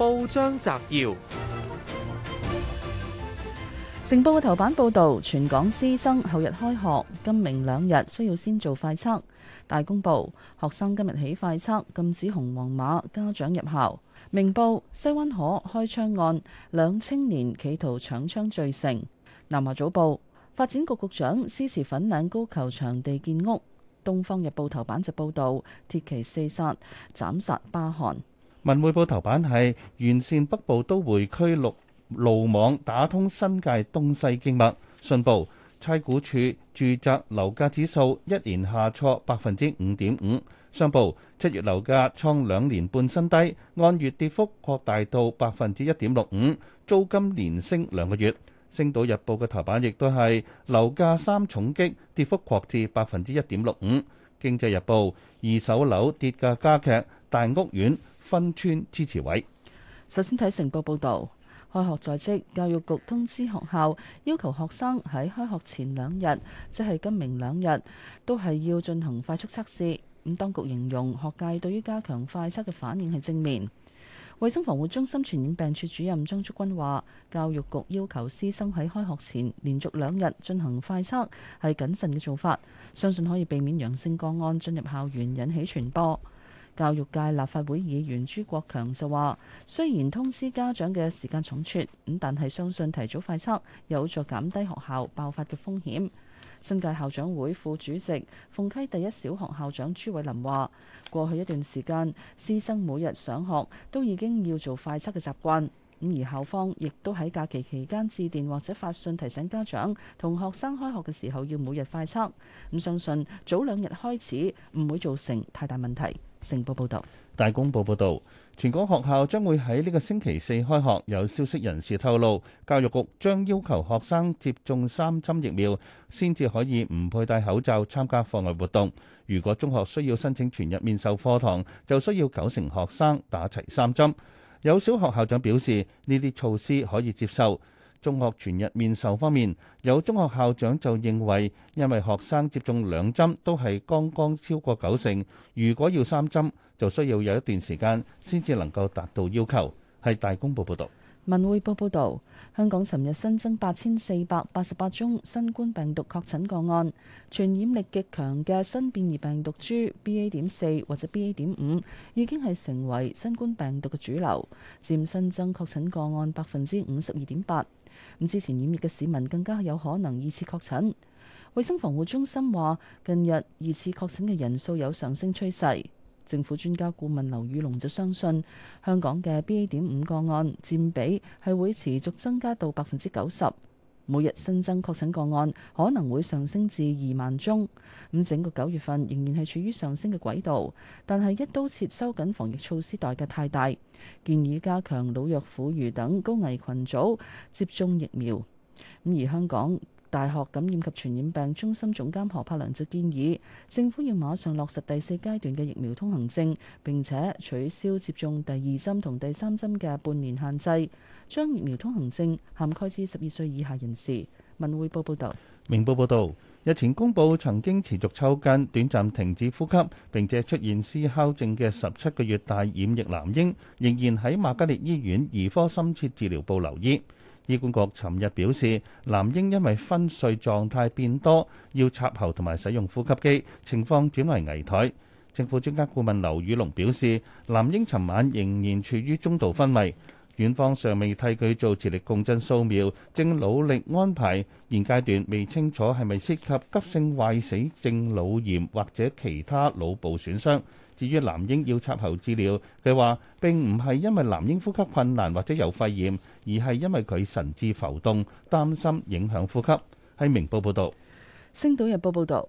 報章摘要：成報嘅頭版報道，全港師生後日開學，今明兩日需要先做快測。大公報學生今日起快測，禁止紅黃碼家長入校。明報西灣河開槍案，兩青年企圖搶槍罪成。南華早報發展局局長支持粉嶺高球場地建屋。東方日報頭版就報道，鐵騎四殺，斬殺巴漢。文匯報頭版係完善北部都會區路路，路網，打通新界東西經脈。信報，差估署住宅樓價指數一年下挫百分之五點五。商報，七月樓價創兩年半新低，按月跌幅擴大到百分之一點六五，租金連升兩個月。星島日報嘅頭版亦都係樓價三重擊，跌幅擴至百分之一點六五。經濟日報，二手樓跌價加劇，大屋苑。分村支持位。首先睇成報報道，開學在即，教育局通知學校要求學生喺開學前兩日，即係今明兩日，都係要進行快速測試，咁、嗯、當局形容學界對於加強快測嘅反應係正面。衛生防護中心傳染病處主任張竹君話，教育局要求師生喺開學前連續兩日進行快測，係謹慎嘅做法，相信可以避免陽性個案進入校園引起傳播。教育界立法會議員朱國強就話，雖然通知家長嘅時間倉促咁，但係相信提早快測有助減低學校爆發嘅風險。新界校長會副主席鳳溪第一小學校長朱偉林話，過去一段時間，師生每日上學都已經要做快測嘅習慣咁，而校方亦都喺假期期間致電或者發信提醒家長同學生開學嘅時候要每日快測。咁相信早兩日開始唔會造成太大問題。成報報導，大公報報導，全港學校將會喺呢個星期四開學。有消息人士透露，教育局將要求學生接種三針疫苗，先至可以唔佩戴口罩參加課外活動。如果中學需要申請全日面授課堂，就需要九成學生打齊三針。有小學校長表示，呢啲措施可以接受。中學全日面授方面，有中學校長就認為，因為學生接種兩針都係剛剛超過九成，如果要三針，就需要有一段時間先至能夠達到要求。係大公報報道，文匯報報道，香港尋日新增八千四百八十八宗新冠病毒確診個案，傳染力極強嘅新變異病毒株 BA.4 或者 BA.5 已經係成為新冠病毒嘅主流，佔新增確診個案百分之五十二點八。咁之前染疫嘅市民更加有可能二次確診，衛生防護中心話近日二次確診嘅人數有上升趨勢，政府專家顧問劉宇龍就相信，香港嘅 BA. 點五個案佔比係會持續增加到百分之九十。每日新增確診個案可能會上升至二萬宗，咁整個九月份仍然係處於上升嘅軌道，但係一刀切收緊防疫措施代價太大，建議加強老弱婦孺等高危群組接種疫苗，咁而香港大學感染及傳染病中心總監何柏良就建議，政府要馬上落實第四階段嘅疫苗通行證，並且取消接種第二針同第三針嘅半年限制，將疫苗通行證涵蓋至十二歲以下人士。文匯報報導，明報報導，日前公布曾經持續抽筋、短暫停止呼吸、並且出現思考症嘅十七個月大染疫男嬰，仍然喺瑪嘉烈醫院兒科深切治療部留醫。醫管局尋日表示，男嬰因為昏睡狀態變多，要插喉同埋使用呼吸機，情況轉為危殆。政府專家顧問劉宇龍表示，男嬰尋晚仍然處於中度昏迷，院方尚未替佢做磁力共振掃描，正努力安排。現階段未清楚係咪涉及急性壞死性腦炎或者其他腦部損傷。至於男嬰要插喉治療，佢話並唔係因為男嬰呼吸困難或者有肺炎，而係因為佢神志浮動，擔心影響呼吸。喺明報報道，《星島日報》報道，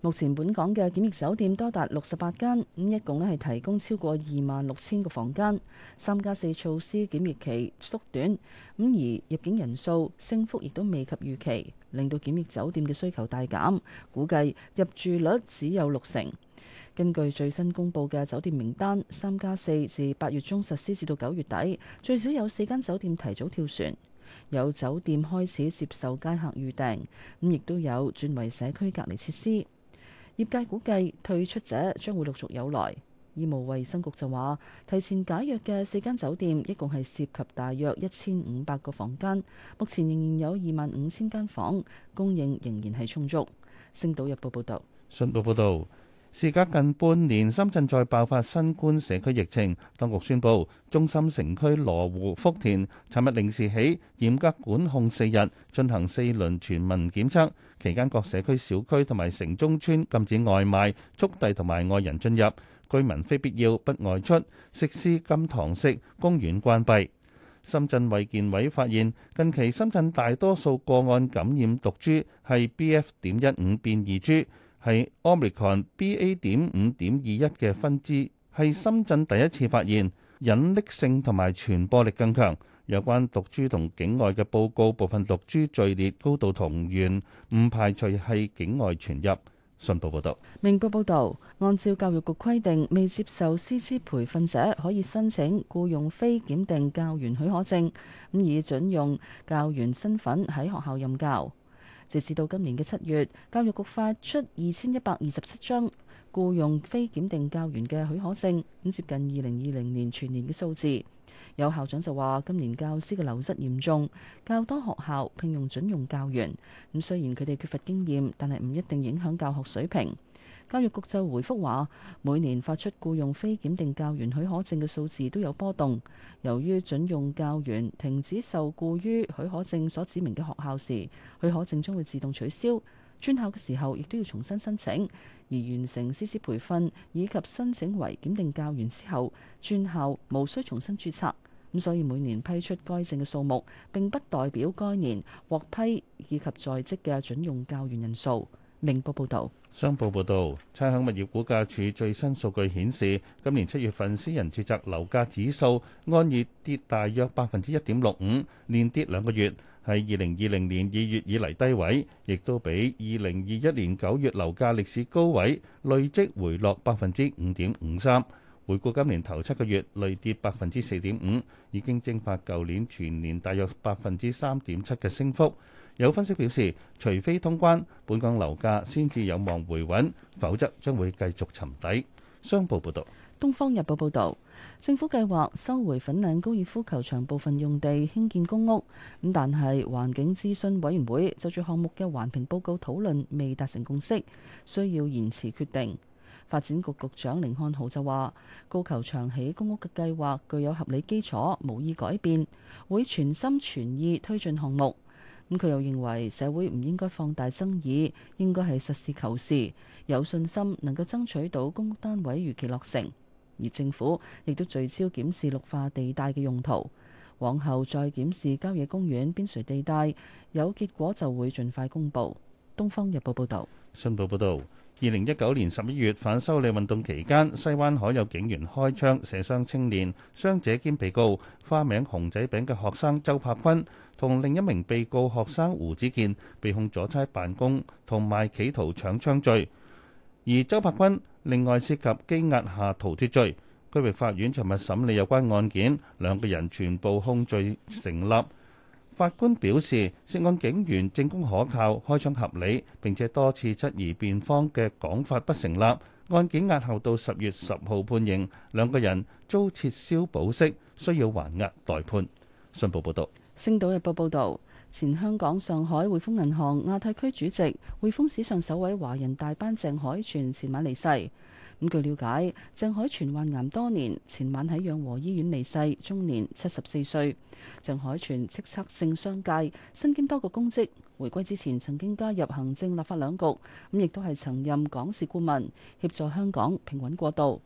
目前本港嘅檢疫酒店多達六十八間，咁一共呢係提供超過二萬六千個房間。三加四措施檢疫期縮短，咁而入境人數升幅亦都未及預期，令到檢疫酒店嘅需求大減，估計入住率只有六成。根據最新公布嘅酒店名單，三加四至八月中實施，至到九月底最少有四間酒店提早跳船，有酒店開始接受街客預訂，咁亦都有轉為社區隔離設施。業界估計退出者將會陸續有來。醫務衛生局就話，提前解約嘅四間酒店一共係涉及大約一千五百個房間，目前仍然有二萬五千間房，供應仍然係充足。星島日報報道。信報報道。事隔近半年，深圳再爆發新冠社區疫情，當局宣布中心城區羅湖、福田，尋日零時起嚴格管控四日，進行四輪全民檢測，期間各社區小區同埋城中村禁止外賣速遞同埋外人進入，居民非必要不外出，食肆禁堂食，公園關閉。深圳衛健委發現近期深圳大多數個案感染毒株係 B.F. 點一五變異株。係 Omicron BA. 點五點二一嘅分支，係深圳第一次發現，隱匿性同埋傳播力更強。有關毒株同境外嘅報告，部分毒株序列高度同源，唔排除係境外傳入。信報報道，明報報道，按照教育局規定，未接受師資培訓者可以申請僱用非檢定教員許可證，咁以準用教員身份喺學校任教。截至到今年嘅七月，教育局發出二千一百二十七張僱用非檢定教員嘅許可證，咁接近二零二零年全年嘅數字。有校長就話，今年教師嘅流失嚴重，較多學校聘用準用教員。咁雖然佢哋缺乏經驗，但係唔一定影響教學水平。教育局就回覆話，每年發出雇用非檢定教員許可證嘅數字都有波動，由於准用教員停止受雇於許可證所指明嘅學校時，許可證將會自動取消。轉校嘅時候亦都要重新申請，而完成師資培訓以及申請為檢定教員之後，轉校無需重新註冊，咁所以每年批出該證嘅數目，並不代表該年獲批以及在職嘅准用教員人數。明報報道：商報報道，差餉物業估價處最新數據顯示，今年七月份私人住宅樓價指數按月跌大約百分之一點六五，連跌兩個月，係二零二零年二月以嚟低位，亦都比二零二一年九月樓價歷史高位累積回落百分之五點五三。回顧今年頭七個月，累跌百分之四點五，已經蒸發舊年全年大約百分之三點七嘅升幅。有分析表示，除非通關，本港樓價先至有望回穩，否則將會繼續沉底。商報報道，東方日報報道，政府計劃收回粉嶺高爾夫球場部分用地興建公屋，咁但係環境諮詢委員會就住項目嘅環評報告討論未達成共識，需要延遲決定。發展局局長寧漢豪就話，高球場起公屋嘅計劃具有合理基礎，無意改變，會全心全意推進項目。咁佢又認為社會唔應該放大爭議，應該係實事求是，有信心能夠爭取到公屋單位如期落成。而政府亦都聚焦檢視綠化地帶嘅用途，往後再檢視郊野公園邊陲地帶，有結果就會盡快公佈。《東方日報》報道。《新報》報道。二零一九年十一月反修例運動期間，西灣海有警員開槍射傷青年，傷者兼被告花名紅仔餅嘅學生周柏坤，同另一名被告學生胡子健，被控阻差辦公同埋企圖搶槍罪，而周柏坤另外涉及羈押下逃脫罪。區域法院尋日審理有關案件，兩個人全部控罪成立。法官表示，涉案警員證供可靠，開槍合理，並且多次質疑辯方嘅講法不成立。案件押後到十月十號判刑，兩個人遭撤銷保釋，需要還押待判。信報報道。星島日報報道，前香港上海匯豐銀行亞太區主席、匯豐史上首位華人大班鄭海泉前晚離世。咁據了解，鄭海泉患癌多年，前晚喺養和醫院離世，終年七十四歲。鄭海泉叱咤政商界，身兼多個公職。回歸之前，曾經加入行政立法兩局，咁亦都係曾任港事顧問，協助香港平穩過渡。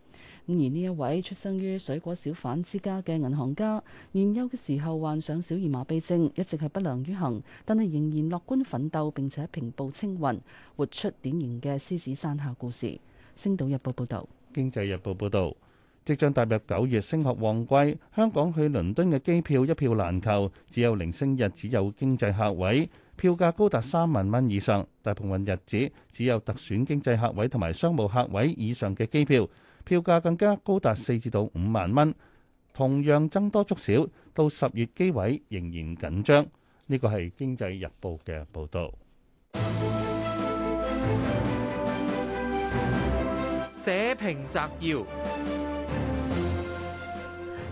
而呢一位出生於水果小販之家嘅銀行家，年幼嘅時候患上小兒麻痹症，一直係不良於行，但係仍然樂觀奮鬥並且平步青雲，活出典型嘅獅子山下故事。星島日報報道，經濟日報報道，即將踏入九月升學旺季，香港去倫敦嘅機票一票難求，只有零星日只有經濟客位，票價高達三萬蚊以上；大部份日子只有特選經濟客位同埋商務客位以上嘅機票，票價更加高達四至到五萬蚊，同樣僧多粥少，到十月機位仍然緊張。呢、這個係經濟日報嘅報道。社評摘要：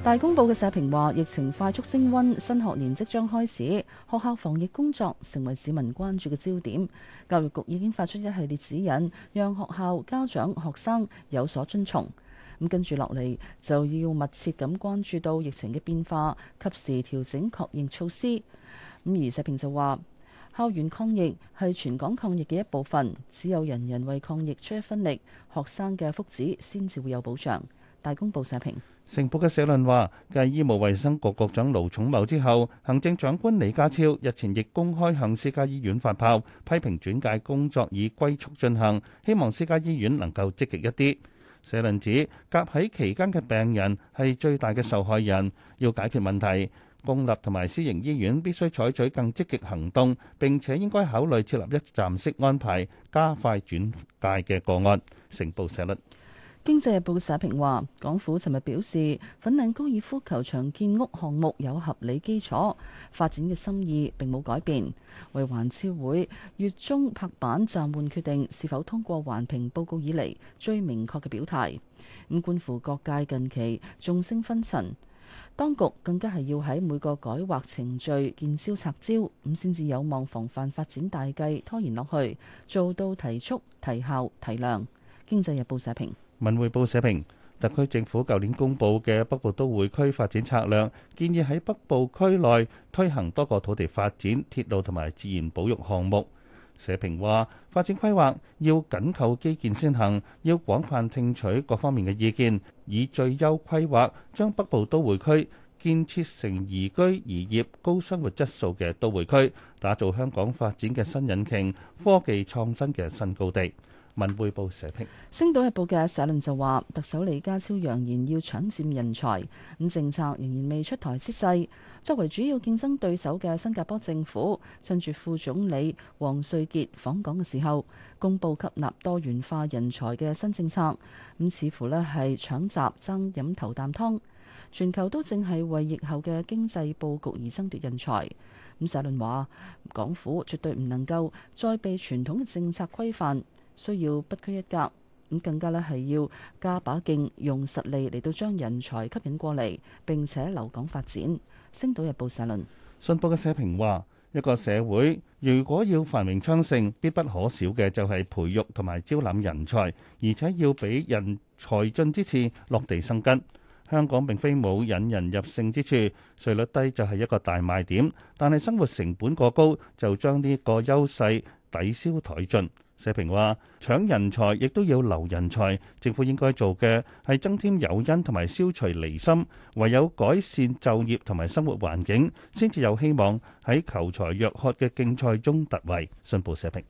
大公報嘅社評話，疫情快速升温，新學年即將開始，學校防疫工作成為市民關注嘅焦點。教育局已經發出一系列指引，讓學校、家長、學生有所遵從。咁跟住落嚟，就要密切咁關注到疫情嘅變化，及時調整確認措施。咁而社評就話：校園抗疫係全港抗疫嘅一部分，只有人人為抗疫出一分力，學生嘅福祉先至會有保障。大公報社評，成報嘅社論話：繼醫務衛生局局長盧寵茂之後，行政長官李家超日前亦公開向私家醫院發炮，批評轉介工作以龜速進行，希望私家醫院能夠積極一啲。社論指，夾喺期間嘅病人係最大嘅受害人，要解決問題。公立同埋私營醫院必須採取更積極行動，並且應該考慮設立一站式安排，加快轉介嘅個案。成報社論，《經濟日報》社評話：港府尋日表示，粉嶺高爾夫球場建屋項目有合理基礎，發展嘅心意並冇改變。為環諮會月中拍板暫緩決定是否通過環評報告以嚟最明確嘅表態。咁觀乎各界近期眾聲紛陳。當局更加係要喺每個改劃程序見招拆招，咁先至有望防範發展大計拖延落去，做到提速提效提量。經濟日報社評、文匯報社評，特區政府舊年公佈嘅北部都會區發展策略，建議喺北部區內推行多個土地發展、鐵路同埋自然保育項目。社評話：發展規劃要緊扣基建先行，要廣泛聽取各方面嘅意見，以最優規劃將北部都會區。建設成宜居宜業高生活質素嘅都會區，打造香港發展嘅新引擎、科技創新嘅新高地。文匯報社評。《星島日報》嘅社論就話：特首李家超揚言要搶佔人才，咁政策仍然未出台之際，作為主要競爭對手嘅新加坡政府，趁住副總理王瑞傑訪港嘅時候，公布吸納多元化人才嘅新政策，咁似乎咧係搶集爭飲頭啖湯。全球都正係為疫後嘅經濟佈局而爭奪人才。咁社論話：港府絕對唔能夠再被傳統嘅政策規範，需要不拘一格。咁更加咧係要加把勁，用實力嚟到將人才吸引過嚟並且留港發展。星島日報社論。信報嘅社評話：一個社會如果要繁榮昌盛，必不可少嘅就係培育同埋招攬人才，而且要俾人才盡之次落地生根。香港並非冇引人入勝之處，稅率低就係一個大賣點，但係生活成本過高就將呢個優勢抵消殆盡。社評話，搶人才亦都要留人才，政府應該做嘅係增添誘因同埋消除離心，唯有改善就業同埋生活環境，先至有希望喺求才若渴嘅競賽中突圍，信報社評。